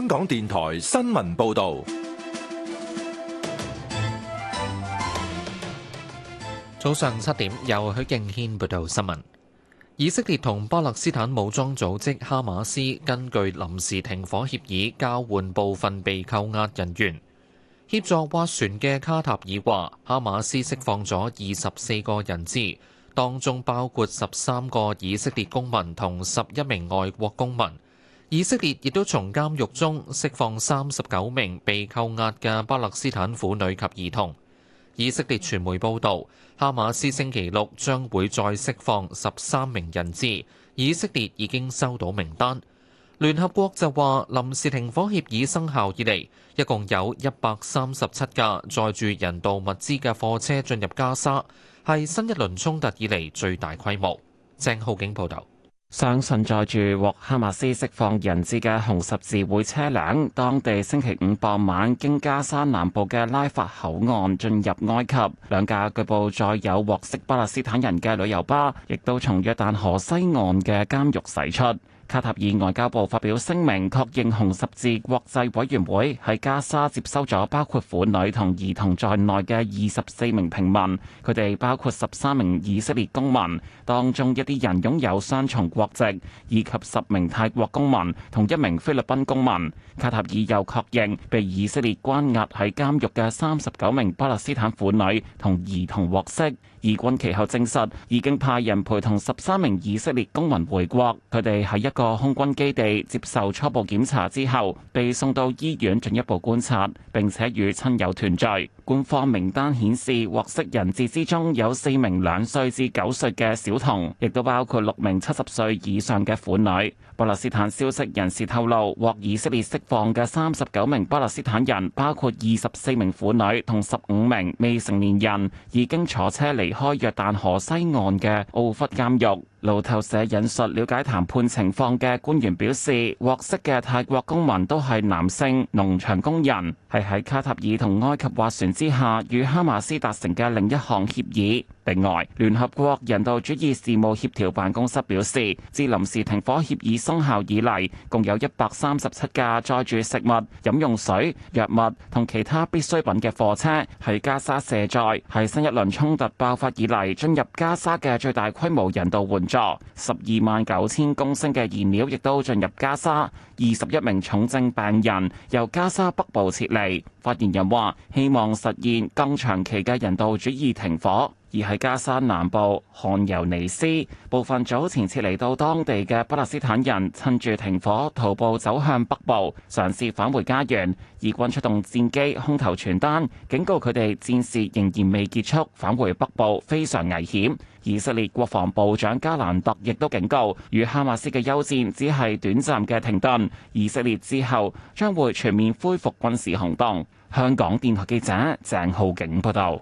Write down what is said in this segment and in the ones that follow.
香港電台新聞報道，早上七點，由許敬軒報道新聞。以色列同巴勒斯坦武裝組織哈馬斯根據臨時停火協議交換部分被扣押人員，協助斡旋嘅卡塔爾話，哈馬斯釋放咗二十四個人質，當中包括十三個以色列公民同十一名外國公民。以色列亦都從監獄中釋放三十九名被扣押嘅巴勒斯坦婦女及兒童。以色列傳媒報道，哈馬斯星期六將會再釋放十三名人質，以色列已經收到名單。聯合國就話，臨時停火協議生效以嚟，一共有一百三十七架載住人道物資嘅貨車進入加沙，係新一輪衝突以嚟最大規模。鄭浩景報導。相信載住獲哈馬斯釋放人質嘅紅十字會車輛，當地星期五傍晚經加沙南部嘅拉法口岸進入埃及。兩架據報載有獲釋巴勒斯坦人嘅旅遊巴，亦都從約旦河西岸嘅監獄駛出。卡塔爾外交部發表聲明，確認紅十字國際委員會喺加沙接收咗包括婦女同兒童在內嘅二十四名平民，佢哋包括十三名以色列公民，當中一啲人擁有雙重國籍，以及十名泰國公民同一名菲律賓公民。卡塔爾又確認被以色列關押喺監獄嘅三十九名巴勒斯坦婦女同兒童獲釋。以軍其後證實已經派人陪同十三名以色列公民回國，佢哋喺一個空軍基地接受初步檢查之後，被送到醫院進一步觀察，並且與親友團聚。官方名單顯示獲釋人質之中有四名兩歲至九歲嘅小童，亦都包括六名七十歲以上嘅婦女。巴勒斯坦消息人士透露，獲以色列釋放嘅三十九名巴勒斯坦人，包括二十四名婦女同十五名未成年人，已經坐車離開約旦河西岸嘅奧弗監獄。路透社引述了解談判情況嘅官員表示，獲釋嘅泰國公民都係男性農場工人，係喺卡塔爾同埃及划船之下與哈馬斯達成嘅另一項協議。另外，聯合國人道主義事務協調辦公室表示，自臨時停火協議生效以嚟，共有一百三十七架載住食物、飲用水、藥物同其他必需品嘅貨車喺加沙卸載，係新一輪衝突爆發以嚟進入加沙嘅最大規模人道援助。十二萬九千公升嘅燃料亦都進入加沙，二十一名重症病人由加沙北部撤離。發言人話，希望實現更長期嘅人道主義停火。而喺加沙南部漢尤尼斯，部分早前撤離到當地嘅巴勒斯坦人，趁住停火徒步走向北部，嘗試返回家園，以軍出動戰機空投傳單警告佢哋戰事仍然未結束，返回北部非常危險，以色列國防部長加蘭特亦都警告，與哈馬斯嘅休戰只係短暫嘅停頓，以色列之後將會全面恢復軍事行動，香港電台記者鄭浩景報道。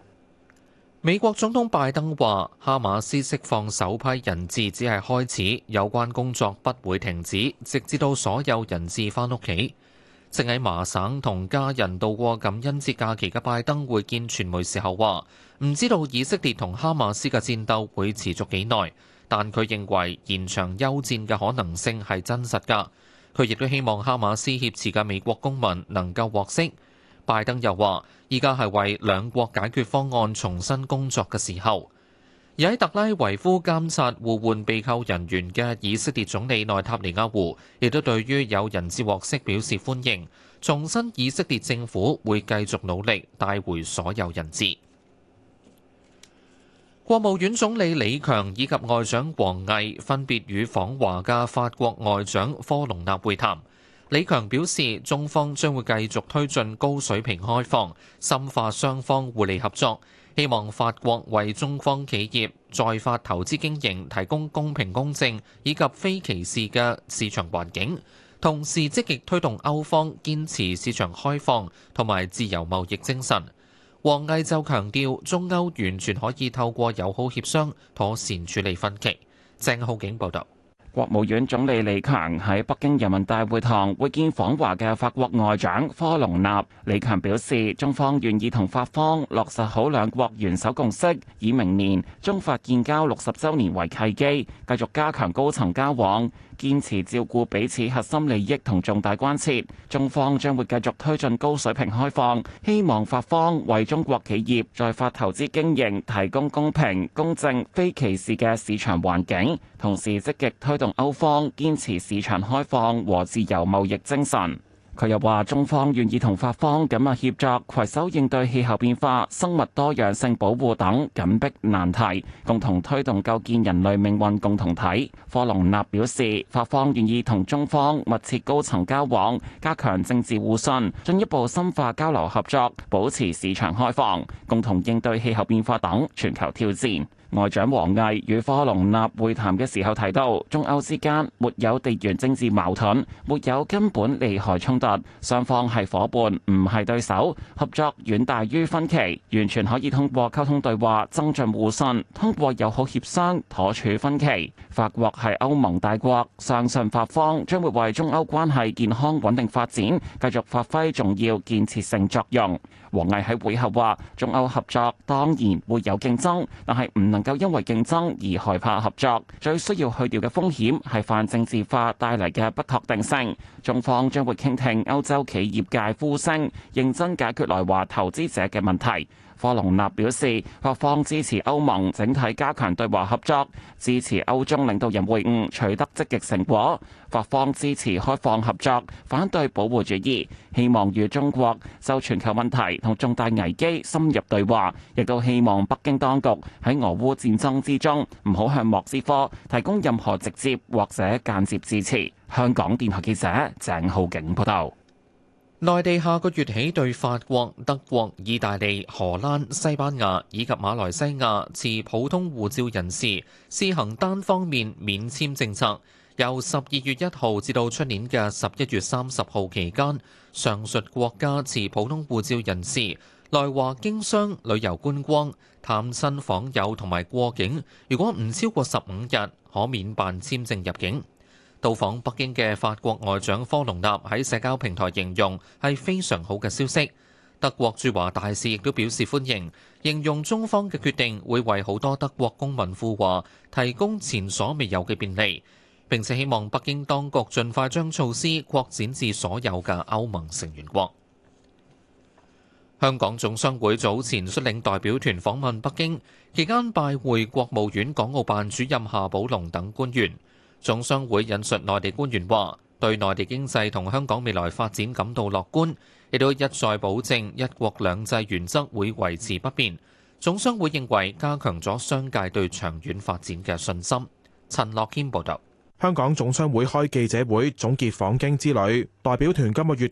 美國總統拜登話：哈馬斯釋放首批人質只係開始，有關工作不會停止，直至到所有人質翻屋企。正喺麻省同家人度過感恩節假期嘅拜登會見傳媒時候話：唔知道以色列同哈馬斯嘅戰鬥會持續幾耐，但佢認為延長休戰嘅可能性係真實噶。佢亦都希望哈馬斯挾持嘅美國公民能夠獲釋。拜登又話。依家係為兩國解決方案重新工作嘅時候，而喺特拉維夫監察互換被扣人員嘅以色列總理內塔尼亞胡，亦都對於有人質獲釋表示歡迎，重申以色列政府會繼續努力帶回所有人質。國務院總理李強以及外長王毅分別與訪華嘅法國外長科隆納會談。李強表示，中方將會繼續推進高水平開放，深化雙方互利合作。希望法國為中方企業在法投資經營提供公平、公正以及非歧視嘅市場環境，同時積極推動歐方堅持市場開放同埋自由貿易精神。王毅就強調，中歐完全可以透過友好協商妥善處理分歧。鄭浩景報道。國務院總理李強喺北京人民大會堂，會見訪華嘅法國外長科隆納。李強表示，中方願意同法方落實好兩國元首共識，以明年中法建交六十周年為契機，繼續加強高層交往。堅持照顧彼此核心利益同重大關切，中方將會繼續推進高水平開放，希望法方為中國企業在法投資經營提供公平、公正、非歧視嘅市場環境，同時積極推動歐方堅持市場開放和自由貿易精神。佢又話：中方願意同法方緊密協作，攜手應對氣候變化、生物多樣性保護等緊迫難題，共同推動構建人類命運共同體。科隆納表示，法方願意同中方密切高層交往，加強政治互信，進一步深化交流合作，保持市場開放，共同應對氣候變化等全球挑戰。外長王毅與科隆納會談嘅時候提到，中歐之間沒有地緣政治矛盾，沒有根本利害衝突，雙方係夥伴唔係對手，合作遠大於分歧，完全可以通過溝通對話增進互信，通過友好協商妥處分歧。法國係歐盟大國，相信法方將會為中歐關係健康穩定發展繼續發揮重要建設性作用。王毅喺會後話：中歐合作當然會有競爭，但係唔能夠因為競爭而害怕合作，最需要去掉嘅風險係泛政治化帶嚟嘅不確定性。中方將會傾聽歐洲企業界呼聲，認真解決來華投資者嘅問題。科隆納表示，法方支持歐盟整體加強對華合作，支持歐中領導人會晤取得積極成果。法方支持開放合作，反對保護主義，希望與中國就全球問題同重大危機深入對話，亦都希望北京當局喺俄烏戰爭之中唔好向莫斯科提供任何直接或者間接支持。香港電台記者鄭浩景報道。內地下個月起對法國、德國、意大利、荷蘭、西班牙以及馬來西亞持普通護照人士試行單方面免簽政策，由十二月一號至到出年嘅十一月三十號期間，上述國家持普通護照人士來華經商、旅遊觀光、探親訪友同埋過境，如果唔超過十五日，可免辦簽證入境。到訪北京嘅法國外長科隆納喺社交平台形容係非常好嘅消息。德國駐華大使亦都表示歡迎，形容中方嘅決定會為好多德國公民赴華提供前所未有嘅便利，並且希望北京當局盡快將措施擴展至所有嘅歐盟成員國。香港總商會早前率領代表團訪問北京，期間拜會國務院港澳辦主任夏寶龍等官員。總商會引述內地官員話，對內地經濟同香港未來發展感到樂觀，亦都一再保證一國兩制原則會維持不變。總商會認為加強咗商界對長遠發展嘅信心。陳樂謙報道。香港總商會開記者會總結訪京之旅，代表團今個月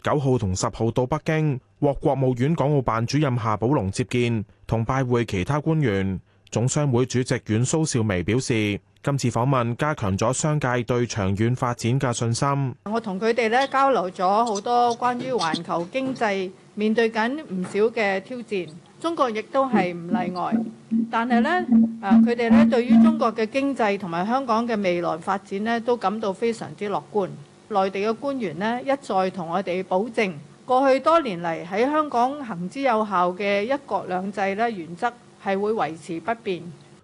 總商會主席阮蘇少薇表示,今次訪問加強咗商界對長遠發展嘅信心。我同佢哋呢,交流咗好多關於環球經濟面對緊唔少嘅挑戰,中國亦都係唔例外,但係呢,佢哋對於中國嘅經濟同埋香港嘅未來發展都感到非常之樂觀。內地嘅官員呢,一再同我哋保證,過去多年嚟喺香港行之有效嘅一國兩制呢原則係會維持不變。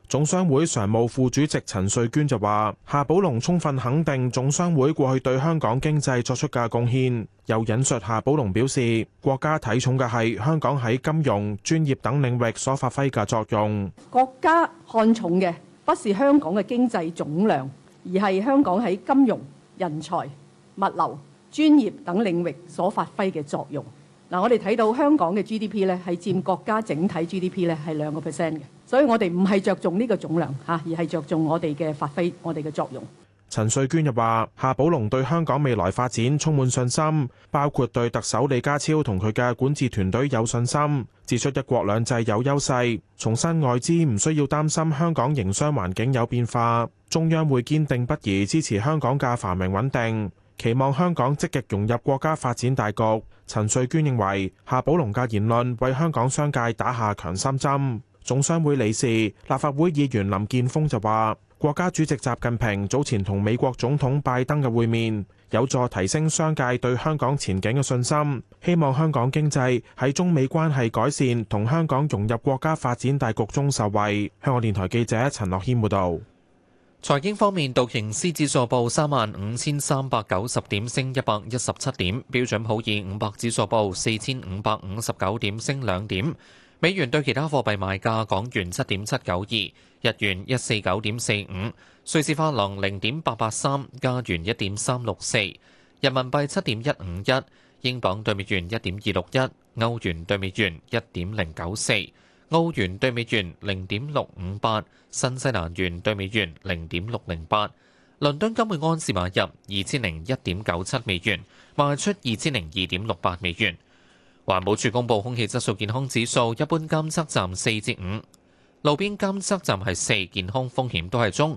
總商會常務副主席陳瑞娟就話：夏寶龍充分肯定總商會過去對香港經濟作出嘅貢獻。又引述夏寶龍表示：國家睇重嘅係香港喺金融、專業等領域所發揮嘅作用。國家看重嘅不是香港嘅經濟總量，而係香港喺金融、人才、物流、專業等領域所發揮嘅作用。嗱，我哋睇到香港嘅 GDP 咧，係佔國家整體 GDP 咧，係兩個 percent 嘅，所以我哋唔係着重呢個總量吓，而係着重我哋嘅發揮我哋嘅作用。陳瑞娟又話夏寶龍對香港未來發展充滿信心，包括對特首李家超同佢嘅管治團隊有信心，指出一國兩制有優勢，重申外資唔需要擔心香港營商環境有變化，中央會堅定不移支持香港嘅繁榮穩定。期望香港積極融入國家發展大局。陳瑞娟認為夏寶龍嘅言論為香港商界打下強心針，總商會理事、立法會議員林建峰就話國家主席習近平早前同美國總統拜登嘅會面，有助提升商界對香港前景嘅信心。希望香港經濟喺中美關係改善同香港融入國家發展大局中受惠。香港電台記者陳樂謙報道。財經方面，道瓊斯指數報三萬五千三百九十點，升一百一十七點；標準普爾五百指數報四千五百五十九點，升兩點。美元對其他貨幣賣價：港元七點七九二，日元一四九點四五，瑞士法郎零點八八三，加元一點三六四，人民幣七點一五一，英鎊對美元一點二六一，歐元對美元一點零九四。澳元對美元零點六五八，新西蘭元對美元零點六零八，倫敦金會安士買入二千零一點九七美元，賣出二千零二點六八美元。環保署公布空氣質素健康指數，一般監測站四至五，路邊監測站係四，健康風險都係中。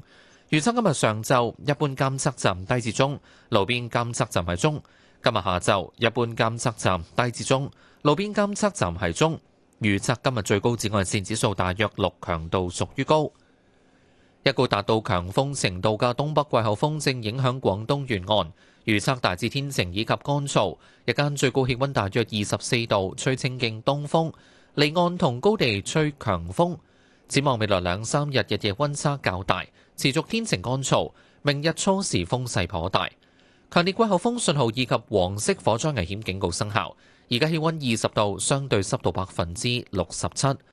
預測今日上晝一般監測站低至中，路邊監測站係中。今日下晝一般監測站低至中，路邊監測站係中。預測今日最高紫外線指數大約六，強度屬於高。一股達到強風程度嘅東北季候風正影響廣東沿岸，預測大致天晴以及乾燥，日間最高氣温大約二十四度，吹清勁東風，離岸同高地吹強風。展望未來兩三日，日夜温差較大，持續天晴乾燥。明日初時風勢頗大，強烈季候風信號以及黃色火災危險警告生效。而家氣溫二十度，相對濕度百分之六十七。